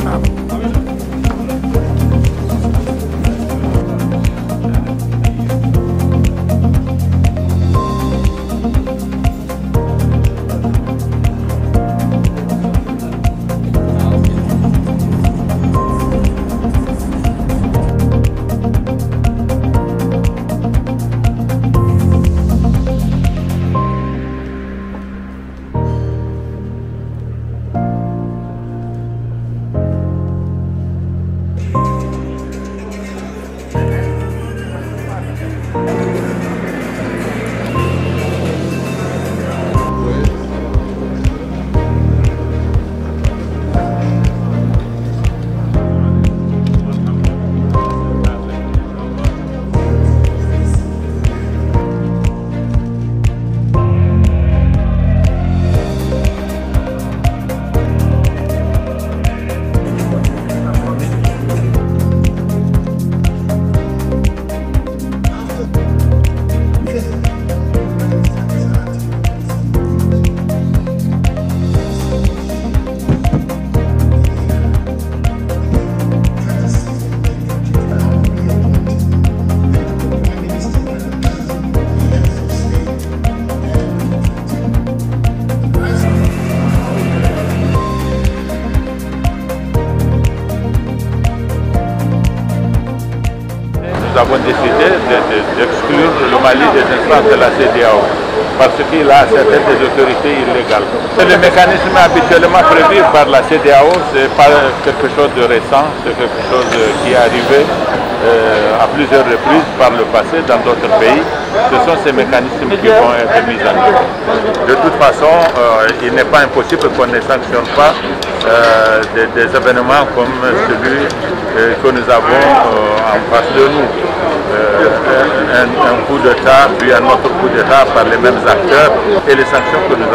Platinum. nous avons décidé d'exclure le Mali des instances de la CDAO parce qu'il a certaines autorités illégales. le mécanisme habituellement prévu par la CDAO, n'est pas quelque chose de récent, c'est quelque chose qui est arrivé euh, à plusieurs reprises par le passé dans d'autres pays. Ce sont ces mécanismes qui vont être mis en œuvre. De toute façon, euh, il n'est pas impossible qu'on ne sanctionne pas euh, des, événements comme celui que nous avons en face de nous. Euh, un, coup de d'État, puis un autre coup de d'État par les mêmes acteurs et les sanctions que nous avons.